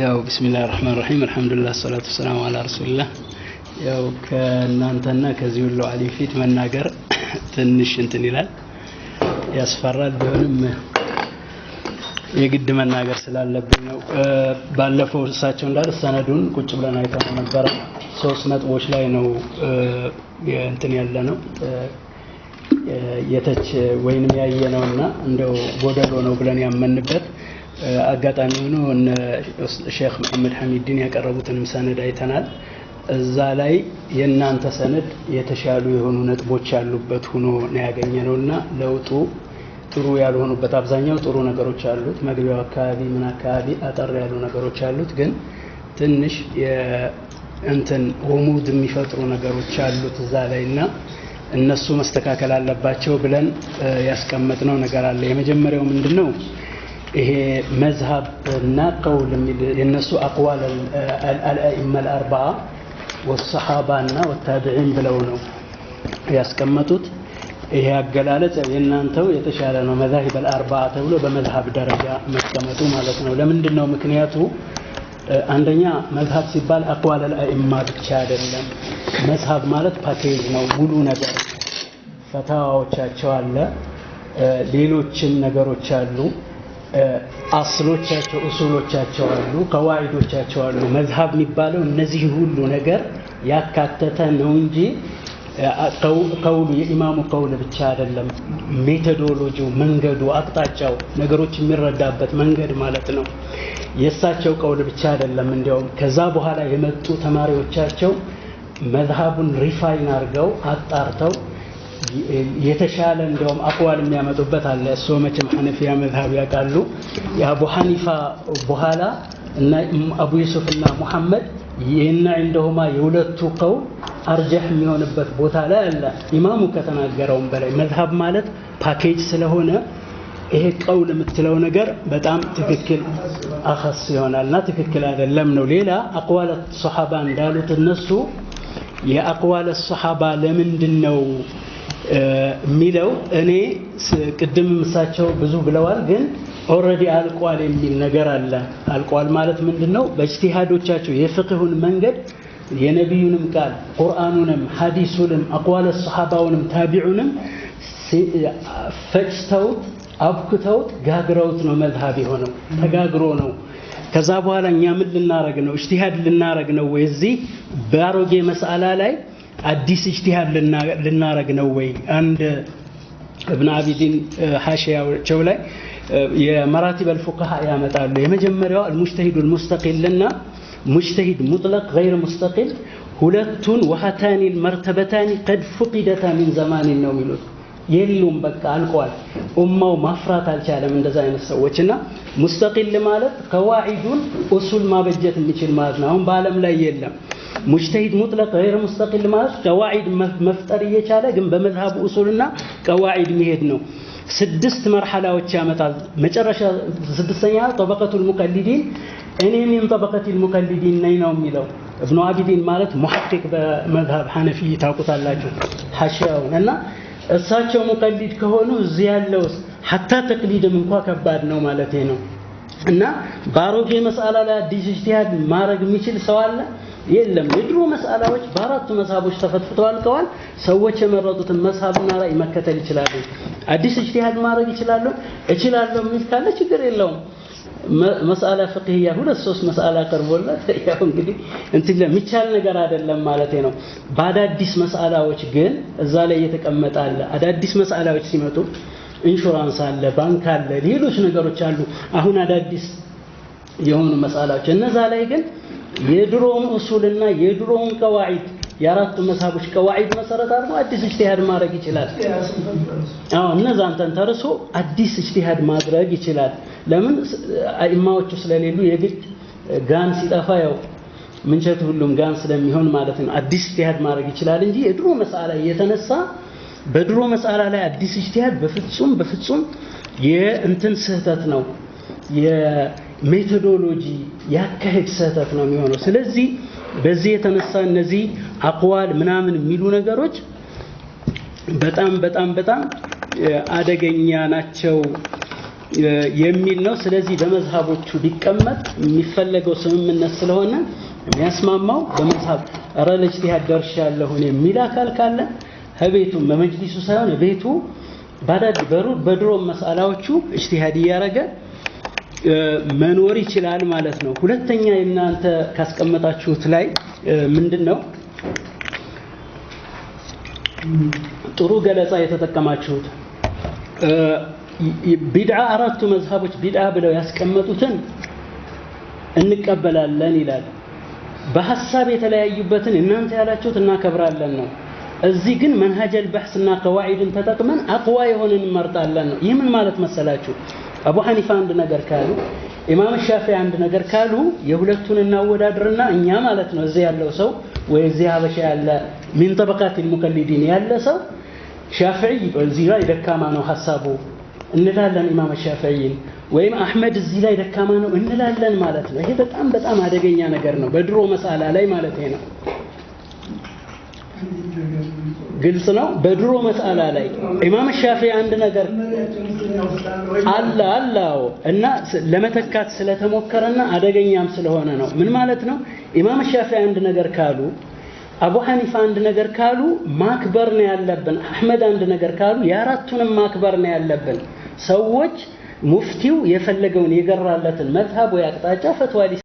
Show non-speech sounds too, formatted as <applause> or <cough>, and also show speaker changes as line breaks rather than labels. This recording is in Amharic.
ያው ብስሚላህ ራህማን ረሂም አልሐምዱሊላህ ሰላቱ ሰላም አላ ረሱልላህ። ያው ከእናንተና ከዚህ ሁሉ አሊም ፊት መናገር ትንሽ እንትን ይላል ያስፈራል። ቢሆንም የግድ መናገር ስላለብን ነው። ባለፈው እሳቸው እንዳለ ሰነዱን ቁጭ ብለን አይተነው ነበረ። ሶስት ነጥቦች ላይ ነው እንትን ያለ ነው የተች ወይንም ያየነውና እንደው ጎደሎ ነው ብለን ያመንበት አጋጣሚ ሆኖ እነ ሼክ መሐመድ ሐሚድን ያቀረቡትንም ሰነድ አይተናል። እዛ ላይ የእናንተ ሰነድ የተሻሉ የሆኑ ነጥቦች ያሉበት ሆኖ ነው ያገኘ እና ለውጡ ጥሩ ያልሆኑበት አብዛኛው ጥሩ ነገሮች አሉት። መግቢያው አካባቢ ምን አካባቢ አጠር ያሉ ነገሮች አሉት፣ ግን ትንሽ እንትን ውሙድ የሚፈጥሩ ነገሮች አሉት እዛ ላይ እና እነሱ መስተካከል አለባቸው ብለን ያስቀመጥነው ነገር አለ። የመጀመሪያው ምንድን ነው? ይሄ መዝሀብ እና ቀውል የእነሱ አቅዋል አልአኢማ አልአርባዓ ወሰሓባ እና ወታቢዒን ብለው ነው ያስቀመጡት። ይሄ አገላለጽ የእናንተው የተሻለ ነው፣ መዛሂብ አልአርባዓ ተብሎ በመዝሀብ ደረጃ መቀመጡ ማለት ነው። ለምንድን ነው ምክንያቱ? አንደኛ መዝሀብ ሲባል አቅዋል አልአኢማ ብቻ አይደለም። መዝሀብ ማለት ፓኬጅ ነው፣ ሙሉ ነገር ፈተዋዎቻቸው አለ፣ ሌሎችን ነገሮች አሉ፣ አስሎቻቸው እሱሎቻቸው አሉ፣ ከዋይዶቻቸው አሉ። መዝሀብ የሚባለው እነዚህ ሁሉ ነገር ያካተተ ነው እንጂ ከውሉ የኢማሙ ቀውል ብቻ አይደለም። ሜቶዶሎጂው፣ መንገዱ፣ አቅጣጫው ነገሮች የሚረዳበት መንገድ ማለት ነው። የእሳቸው ቀውል ብቻ አይደለም። እንዲያውም ከዛ በኋላ የመጡ ተማሪዎቻቸው መዝሀቡን ሪፋይን አድርገው አጣርተው የተሻለ እንደውም አቅዋል የሚያመጡበት አለ። እሱ መቼም ሐነፊያ መዝሀብ ያውቃሉ። የአቡ ሐኒፋ በኋላ እና አቡ ዩሱፍ እና ሙሐመድ ይህና እንደሁማ የሁለቱ ቀው አርጃህ የሚሆንበት ቦታ ላይ አለ። ኢማሙ ከተናገረውም በላይ መዝሀብ ማለት ፓኬጅ ስለሆነ ይሄ ቀውል የምትለው ነገር በጣም ትክክል አኸስ ይሆናልና ትክክል አይደለም ነው። ሌላ አቅዋለ ሰሓባ እንዳሉት እነሱ የአቅዋለ ሰሓባ ለምንድን ነው የሚለው እኔ ቅድም እሳቸው ብዙ ብለዋል፣ ግን ኦልሬዲ አልቋል የሚል ነገር አለ። አልቋል ማለት ምንድን ነው? በእጅቲሃዶቻቸው የፍቅሁን መንገድ የነቢዩንም ቃል ቁርአኑንም፣ ሐዲሱንም፣ አቋለ ሰሓባውንም፣ ታቢዑንም ፈጭተውት አብኩተውት ጋግረውት ነው መዝሀብ የሆነው ተጋግሮ ነው። ከዛ በኋላ እኛ ምን ልናረግ ነው? እጅቲሃድ ልናረግ ነው ወይ እዚህ በአሮጌ መስአላ ላይ አዲስ እጅቲሃድ ልናረግ ነው ወይ? አንድ እብነ አቢዲን ሐሽያቸው ላይ የመራቲበል ፉቃሃ ያመጣሉ። የመጀመሪያው አልሙጅተሂዱል ሙስተቂልና ሙጅተሂድ ሙጥለቅ ገይር ሙስተቂል ሁለቱን ወሀታኒ መርተበታኒ ቀድ ፉቂደታ ሚን ዘማኒን ነው የሚሉት የሉም በቃ አልቀዋል። ኡማው ማፍራት አልቻለም እንደዛ አይነት ሰዎች እና ሙስተቂል ማለት ከዋዒዱን ኡሱል ማበጀት የሚችል ማለት ነው። አሁን በዓለም ላይ የለም። ሙጅተሂድ ሙጥለቅ ገይር ሙስተቂል ማለት ቀዋዒድ መፍጠር እየቻለ ግን በመዝሃቡ ኡሱልና ቀዋዒድ መሄድ ነው። ስድስት መርሐላዎች ያመጣል። መጨረሻ ስድስተኛ ጠበቀቱል ሙቀሊዲን እኔ ሚን ጠበቀቲል ሙቀሊዲን ነኝ ነው የሚለው እብኑ አቢዲን ማለት ሙሐቂቅ በመዝሃብ ሐነፊ ታውቁታላችሁ ሐሺያውን እና እሳቸው ሙቀሊድ ከሆኑ እዚህ ያለው ሐታ ተቅሊድም እንኳ ከባድ ነው ማለት ነው እና በአሮጌ መስአላ ላይ አዲስ ኢጅቲሃድ ማድረግ የሚችል ሰው አለ የለም የድሮ መስአላዎች በአራቱ መሳቦች ተፈትፍተው አልቀዋል። ሰዎች የመረጡትን መሳብና ራእይ መከተል ይችላሉ። አዲስ እጅቲሃድ ማድረግ ይችላሉ። እችላለሁ የሚል ካለ ችግር የለውም። መስአላ ፍቅህያ ሁለት ሶስት መስአላ ቀርቦለት <laughs> ያው እንግዲህ እንትን የሚቻል ነገር አይደለም ማለት ነው። በአዳዲስ መስአላዎች ግን እዛ ላይ እየተቀመጠ አለ። አዳዲስ መስአላዎች ሲመጡ ኢንሹራንስ አለ፣ ባንክ አለ፣ ሌሎች ነገሮች አሉ። አሁን አዳዲስ የሆኑ መስአላዎች እነዛ ላይ ግን የድሮውን ኡሱልና የድሮውን ቀዋዒድ የአራቱ መሳቦች ቀዋዒድ መሰረት አድርጎ አዲስ እጅቲሃድ ማድረግ ይችላል። አዎ አንተን ተርሶ አዲስ እጅቲሃድ ማድረግ ይችላል። ለምን አይማዎቹ ስለሌሉ የግድ ጋን ሲጠፋ ያው ምንቸት ሁሉም ጋን ስለሚሆን ማለት ነው። አዲስ እጅቲሃድ ማድረግ ይችላል እንጂ የድሮ መስአላ እየተነሳ በድሮ መስአላ ላይ አዲስ እጅቲሃድ በፍጹም በፍጹም የእንትን ስህተት ነው። ሜቶዶሎጂ ያካሄድ ስህተት ነው የሚሆነው። ስለዚህ በዚህ የተነሳ እነዚህ አቅዋል ምናምን የሚሉ ነገሮች በጣም በጣም በጣም አደገኛ ናቸው የሚል ነው። ስለዚህ በመዝሃቦቹ ሊቀመጥ የሚፈለገው ስምምነት ስለሆነ የሚያስማማው በመዝሃብ ኧረ ለእጅቲሃድ ደርሻለሁን የሚል አካል ካለ ከቤቱ በመጅሊሱ ሳይሆን ቤቱ በድሮ መሳላዎቹ እጅቲሃድ እያደረገ መኖር ይችላል ማለት ነው። ሁለተኛ የእናንተ ካስቀመጣችሁት ላይ ምንድን ነው ጥሩ ገለጻ የተጠቀማችሁት ቢድዓ አራቱ መዝሃቦች ቢድዓ ብለው ያስቀመጡትን እንቀበላለን ይላል። በሀሳብ የተለያዩበትን እናንተ ያላችሁት እናከብራለን ነው። እዚህ ግን መንሀጀል በሕስና ቀዋዒድን ተጠቅመን አቅዋ የሆነን እንመርጣለን ነው። ይህ ምን ማለት መሰላችሁ? አቡ ሐኒፋ አንድ ነገር ካሉ፣ ኢማም ሻፊ አንድ ነገር ካሉ የሁለቱን እናወዳድርና እኛ ማለት ነው እዚህ ያለው ሰው ወይ እዚህ ሀበሻ ያለ ሚን ጠበቃቲል ሙቀሊዲን ያለ ሰው ሻፊዒ እዚህ ላይ ደካማ ነው ሀሳቡ እንላለን ኢማም ሻፊዒን ወይም አህመድ እዚህ ላይ ደካማ ነው እንላለን ማለት ነው። ይሄ በጣም በጣም አደገኛ ነገር ነው። በድሮ መሳላ ላይ ማለት ነው። ግልጽ ነው። በድሮ መስአላ ላይ ኢማም ሻፊ አንድ ነገር አለ አላው እና ለመተካት ስለተሞከረና አደገኛም ስለሆነ ነው። ምን ማለት ነው? ኢማም ሻፊ አንድ ነገር ካሉ፣ አቡ ሐኒፋ አንድ ነገር ካሉ ማክበር ነው ያለብን። አህመድ አንድ ነገር ካሉ የአራቱንም ማክበር ነው ያለብን። ሰዎች ሙፍቲው የፈለገውን የገራለትን መዝሀብ ወይ አቅጣጫ ፈትዋ